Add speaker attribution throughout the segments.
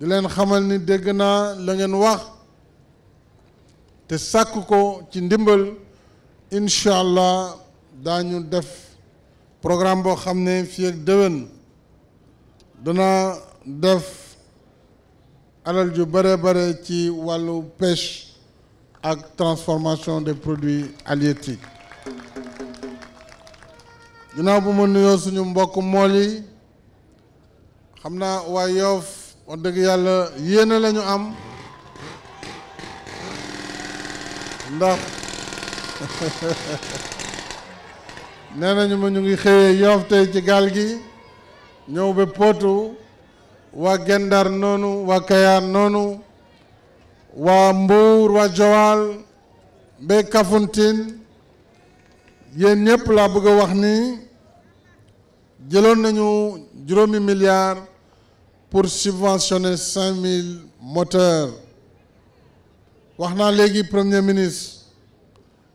Speaker 1: di leen xamal ni dégg naa la ngeen wax te sàkk ko ci ndimbal incha allah daañu def programme boo xam ne fii ak déwén dana def alal ju bare bare ci wàllu pêche ak transformation des produits halieutiques ginnaaw bu ma nuyoo suñu mbokk mool yi xam naa waa Yoff wax dëgg yàlla yéene lañu am ndax nee nañu ma ñu ngi xëyee yoof tey ci gaal gi ñëw ba pootu waa Gendar noonu waa Kayaar noonu waa Mbuur waa Jowaal ba Kafountine yéen ñëpp laa bëgg a wax ni jëloon nañu juróomi milliard pour subventionner 5000 moteurs Voilà, vous premier ministre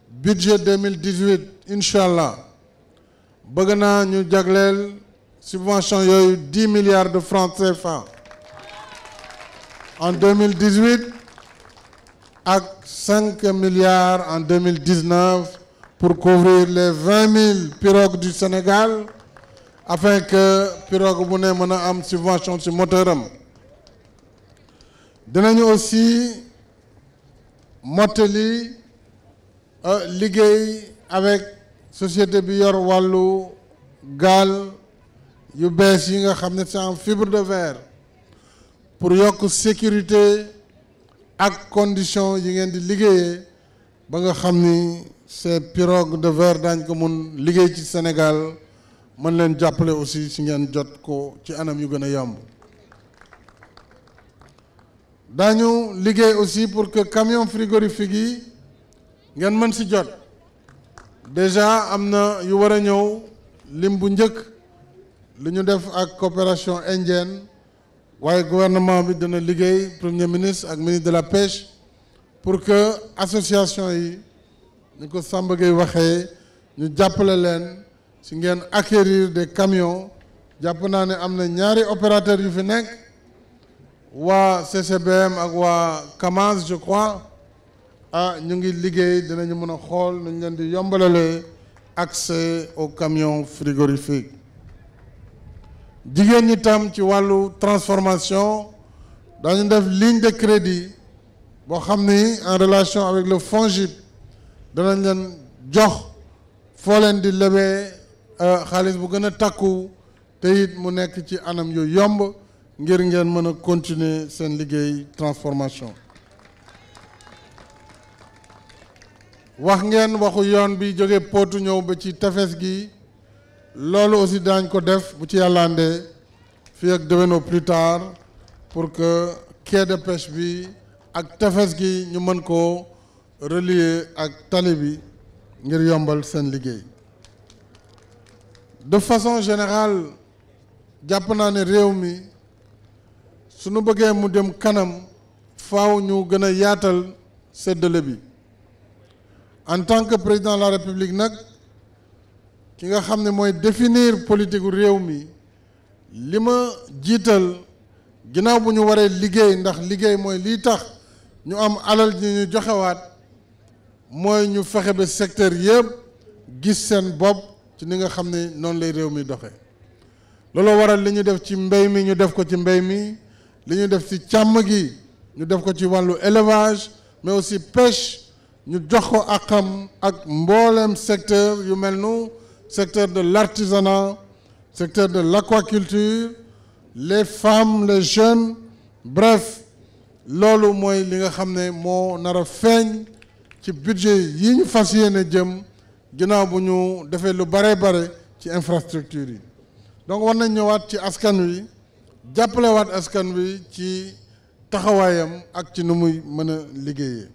Speaker 1: budget 2018 Inch'Allah. allah New subvention 10 milliards de francs CFA en 2018 et 5 milliards en 2019 pour couvrir les 20 000 pirogues du Sénégal afin que pirogue bu ne meuna am subvention ci moteur Nous dinañu aussi mottali euh, liguey avec société bi yor walu gal yu bees yi nga xam en fibre de verre pour yok sécurité ak condition yi ngeen di pour ba nga ces pirogues de verre dañ ko mun liguey ci Sénégal man len jàppale aussi si ngeen jot ko ci anam yu gëna a yomb daañu liggéey aussi pour que camion frigorifique yi ngeen mën si jot déjà am na yu war a ñëw lim bu njëkk li ñu def ak coopération indienne waaye gouvernement bi dina liggéey premier ministre ak ministre de la pêche pour que association yi ñu ko Samba Gueye waxee ñu jàppale leen si ngeen acquérir des camions jàpp naa ne am na ñaari opérateurs yu fi nekk waa CCBM ak waa Kamaz je crois ah ñu ngi liggéey dinañu mën a xool leen di yombalalee accès aux camions frigorifiques jigéen ñi tam ci wàllu transformation dañu def ligne de crédit boo xam en relation avec le fonds FONGIP danañ leen jox foo leen di lebee Euh, xaalis bu gën a takku te mu nekk ci anam yu yomb ngir ngeen mën a continuer seen liggéey transformation wax ngeen waxu yoon bi jóge pootu ñëw ba ci tefes gi loolu aussi daañ ko def bu ci yàllaandee fii ak déwénoo plus tard pour que quai de bi ak tefes gi ñu mën koo relier ak tali bi ngir yombal seen liggéey de façon générale jàpp naa ne réew mi suñu bëggee mu dem kanam faaw ñu gën yaatal en tant que président de la république nag ki nga xam ne mooy définir politique u lima mi li ma jiital ginnaaw bu ñu waree liggéey ndax liggéey mooy lii tax ñu am alal ji ñu joxewaat moy ñu fexé ba secteur yeb, gis sen bopp ci ni nga xam ne noonu lay réew mi doxee looloo waral li ñu def ci mbéy mi ñu def ko ci mbéy mi li ñu def ci càmm gi ñu def ko ci wàllu élevage mais aussi pêche ñu jox ko àqam ak mboolem secteur yu mel secteur de l'artisanat secteur de l'aquaculture les femmes les jeunes bref loolu mooy li nga xam ne moo nar a feeñ ci budget yi ñu fas yéene jëm ginnaaw bu ñu defee lu bare bare ci infrastructure yi donc war nañ ñëwaat ci askan wi jàppalewaat askan wi ci taxawaayam ak ci nu muy mën a liggéeyee